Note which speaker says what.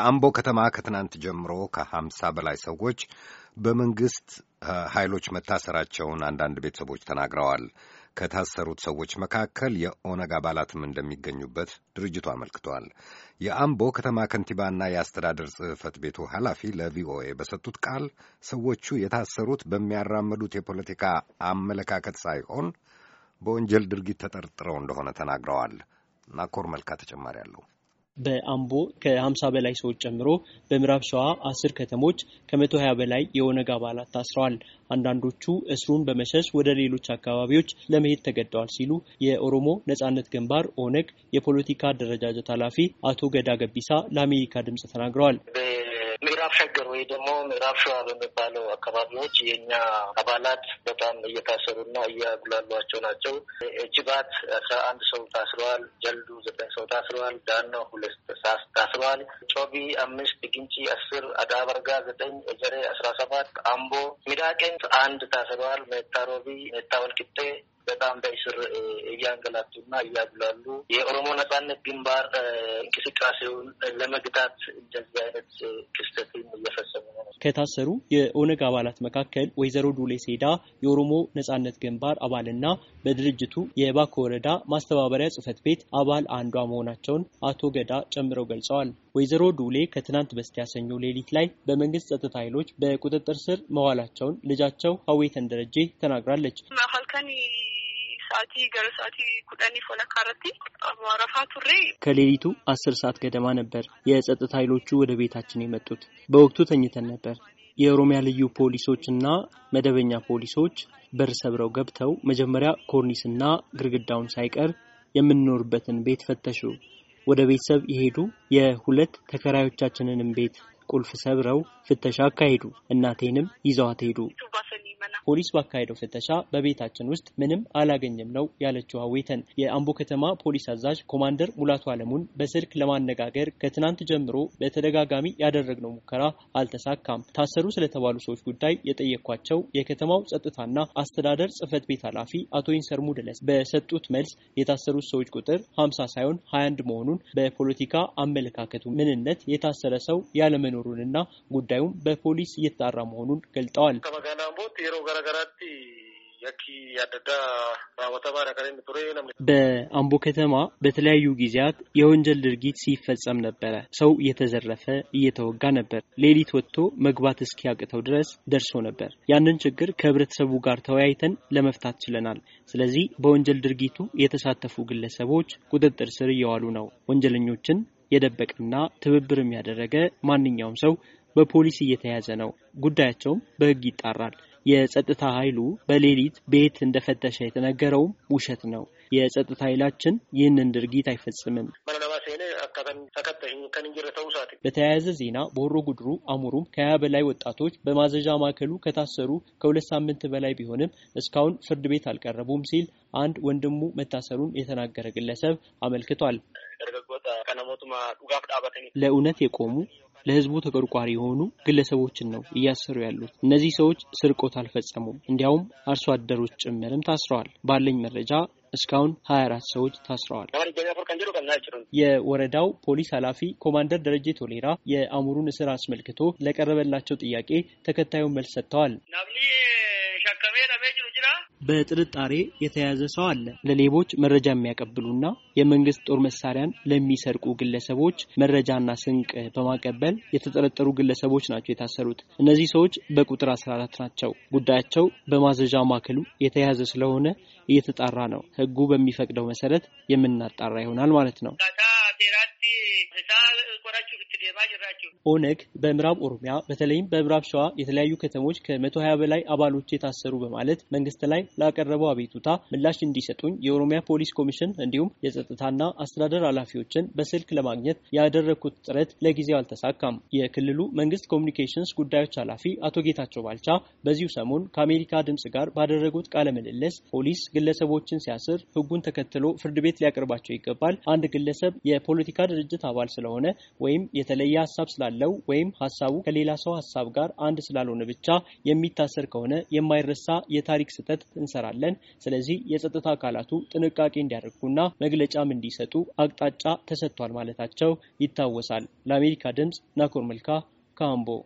Speaker 1: በአምቦ ከተማ ከትናንት ጀምሮ ከሀምሳ በላይ ሰዎች በመንግስት ኃይሎች መታሰራቸውን አንዳንድ ቤተሰቦች ተናግረዋል። ከታሰሩት ሰዎች መካከል የኦነግ አባላትም እንደሚገኙበት ድርጅቱ አመልክቷል። የአምቦ ከተማ ከንቲባና የአስተዳደር ጽሕፈት ቤቱ ኃላፊ ለቪኦኤ በሰጡት ቃል ሰዎቹ የታሰሩት በሚያራምዱት የፖለቲካ አመለካከት ሳይሆን በወንጀል ድርጊት ተጠርጥረው እንደሆነ ተናግረዋል። ናኮር መልካ ተጨማሪ አለው። በአምቦ ከ50 በላይ ሰዎች ጨምሮ በምዕራብ ሸዋ አስር ከተሞች ከ120 በላይ የኦነግ አባላት ታስረዋል። አንዳንዶቹ እስሩን በመሸሽ ወደ ሌሎች አካባቢዎች ለመሄድ ተገደዋል ሲሉ የኦሮሞ ነጻነት ግንባር ኦነግ የፖለቲካ አደረጃጀት ኃላፊ አቶ ገዳ ገቢሳ ለአሜሪካ ድምፅ ተናግረዋል። ምዕራብ ሸገር ወይ ደግሞ ምዕራብ ሸዋ በሚባለው አካባቢዎች የእኛ አባላት በጣም እየታሰሩና እያጉላሏቸው ናቸው። እጅባት አስራ አንድ ሰው ታስረዋል። ጀልዱ ዘጠኝ ሰው ታስረዋል። ዳኖ ሁለት ሳስ ታስረዋል። ጮቢ አምስት፣ ግንጪ አስር፣ አዳበርጋ ዘጠኝ፣ እጀሬ አስራ ሰባት፣ አምቦ ሚዳቄን አንድ ታስረዋል። ሜታ ሮቢ፣ ሜታ ወልቂጤ በጣም በእስር እያንገላቱና እያጉላሉ የኦሮሞ ነጻነት ግንባር እንቅስቃሴውን ለመግታት እንደዚህ አይነት ክስተትን እየፈሰሙ ነው። ከታሰሩ የኦነግ አባላት መካከል ወይዘሮ ዱሌ ሴዳ የኦሮሞ ነጻነት ግንባር አባልና በድርጅቱ የባኮ ወረዳ ማስተባበሪያ ጽህፈት ቤት አባል አንዷ መሆናቸውን አቶ ገዳ ጨምረው ገልጸዋል። ወይዘሮ ዱሌ ከትናንት በስቲያ ሰኞ ሌሊት ላይ በመንግስት ጸጥታ ኃይሎች በቁጥጥር ስር መዋላቸውን ልጃቸው ሀዌተን ደረጀ ተናግራለች። ከሌሊቱ አስር ሰዓት ገደማ ነበር የጸጥታ ኃይሎቹ ወደ ቤታችን የመጡት። በወቅቱ ተኝተን ነበር። የኦሮሚያ ልዩ ፖሊሶችና መደበኛ ፖሊሶች በር ሰብረው ገብተው መጀመሪያ ኮርኒስና ግድግዳውን ሳይቀር የምንኖርበትን ቤት ፈተሹ። ወደ ቤተሰብ የሄዱ የሁለት ተከራዮቻችንንም ቤት ቁልፍ ሰብረው ፍተሻ አካሄዱ። እናቴንም ይዘዋት ሄዱ። ፖሊስ ባካሄደው ፍተሻ በቤታችን ውስጥ ምንም አላገኘም ነው ያለችው ሀዌተን። የአምቦ ከተማ ፖሊስ አዛዥ ኮማንደር ሙላቱ አለሙን በስልክ ለማነጋገር ከትናንት ጀምሮ በተደጋጋሚ ያደረግነው ሙከራ አልተሳካም። ታሰሩ ስለተባሉ ሰዎች ጉዳይ የጠየኳቸው የከተማው ጸጥታና አስተዳደር ጽህፈት ቤት ኃላፊ አቶ ኢንሰር ሙድለስ በሰጡት መልስ የታሰሩት ሰዎች ቁጥር 50 ሳይሆን 21 መሆኑን በፖለቲካ አመለካከቱ ምንነት የታሰረ ሰው ያለመኖሩንና ጉዳዩም በፖሊስ እየተጣራ መሆኑን ገልጠዋል። ነገራት በአምቦ ከተማ በተለያዩ ጊዜያት የወንጀል ድርጊት ሲፈጸም ነበረ። ሰው እየተዘረፈ እየተወጋ ነበር። ሌሊት ወጥቶ መግባት እስኪያቅተው ድረስ ደርሶ ነበር። ያንን ችግር ከህብረተሰቡ ጋር ተወያይተን ለመፍታት ችለናል። ስለዚህ በወንጀል ድርጊቱ የተሳተፉ ግለሰቦች ቁጥጥር ስር እየዋሉ ነው። ወንጀለኞችን የደበቀና ትብብርም ያደረገ ማንኛውም ሰው በፖሊስ እየተያዘ ነው። ጉዳያቸውም በህግ ይጣራል። የጸጥታ ኃይሉ በሌሊት ቤት እንደፈተሸ የተነገረውም ውሸት ነው። የጸጥታ ኃይላችን ይህንን ድርጊት አይፈጽምም። በተያያዘ ዜና በሆሮ ጉድሩ አሙሩም ከሀያ በላይ ወጣቶች በማዘዣ ማዕከሉ ከታሰሩ ከሁለት ሳምንት በላይ ቢሆንም እስካሁን ፍርድ ቤት አልቀረቡም ሲል አንድ ወንድሙ መታሰሩን የተናገረ ግለሰብ አመልክቷል። ለእውነት የቆሙ ለህዝቡ ተቆርቋሪ የሆኑ ግለሰቦችን ነው እያሰሩ ያሉት። እነዚህ ሰዎች ስርቆት አልፈጸሙም። እንዲያውም አርሶ አደሮች ጭምርም ታስረዋል። ባለኝ መረጃ እስካሁን 24 ሰዎች ታስረዋል። የወረዳው ፖሊስ ኃላፊ ኮማንደር ደረጀ ቶሌራ የአሙሩን እስር አስመልክቶ ለቀረበላቸው ጥያቄ ተከታዩን መልስ ሰጥተዋል። በጥርጣሬ የተያዘ ሰው አለ። ለሌቦች መረጃ የሚያቀብሉና የመንግስት ጦር መሳሪያን ለሚሰርቁ ግለሰቦች መረጃና ስንቅ በማቀበል የተጠረጠሩ ግለሰቦች ናቸው የታሰሩት። እነዚህ ሰዎች በቁጥር 14 ናቸው። ጉዳያቸው በማዘዣ ማዕከሉ የተያዘ ስለሆነ እየተጣራ ነው። ህጉ በሚፈቅደው መሰረት የምናጣራ ይሆናል ማለት ነው። ኦነግ በምዕራብ ኦሮሚያ በተለይም በምዕራብ ሸዋ የተለያዩ ከተሞች ከመቶ ሀያ በላይ አባሎች የታሰሩ በማለት መንግስት ላይ ላቀረበው አቤቱታ ምላሽ እንዲሰጡኝ የኦሮሚያ ፖሊስ ኮሚሽን እንዲሁም የጸጥታና አስተዳደር ኃላፊዎችን በስልክ ለማግኘት ያደረግኩት ጥረት ለጊዜው አልተሳካም። የክልሉ መንግስት ኮሚኒኬሽንስ ጉዳዮች ኃላፊ አቶ ጌታቸው ባልቻ በዚሁ ሰሞን ከአሜሪካ ድምጽ ጋር ባደረጉት ቃለ ምልልስ ፖሊስ ግለሰቦችን ሲያስር ህጉን ተከትሎ ፍርድ ቤት ሊያቀርባቸው ይገባል። አንድ ግለሰብ የፖለቲካ ድርጅት አባል ስለሆነ ወይም የተለየ ሀሳብ ስላለው ወይም ሀሳቡ ከሌላ ሰው ሀሳብ ጋር አንድ ስላልሆነ ብቻ የሚታሰር ከሆነ የማይረሳ የታሪክ ስህተት እንሰራለን። ስለዚህ የጸጥታ አካላቱ ጥንቃቄ እንዲያደርጉና መግለጫም እንዲሰጡ አቅጣጫ ተሰጥቷል ማለታቸው ይታወሳል። ለአሜሪካ ድምፅ ናኮር መልካ ካምቦ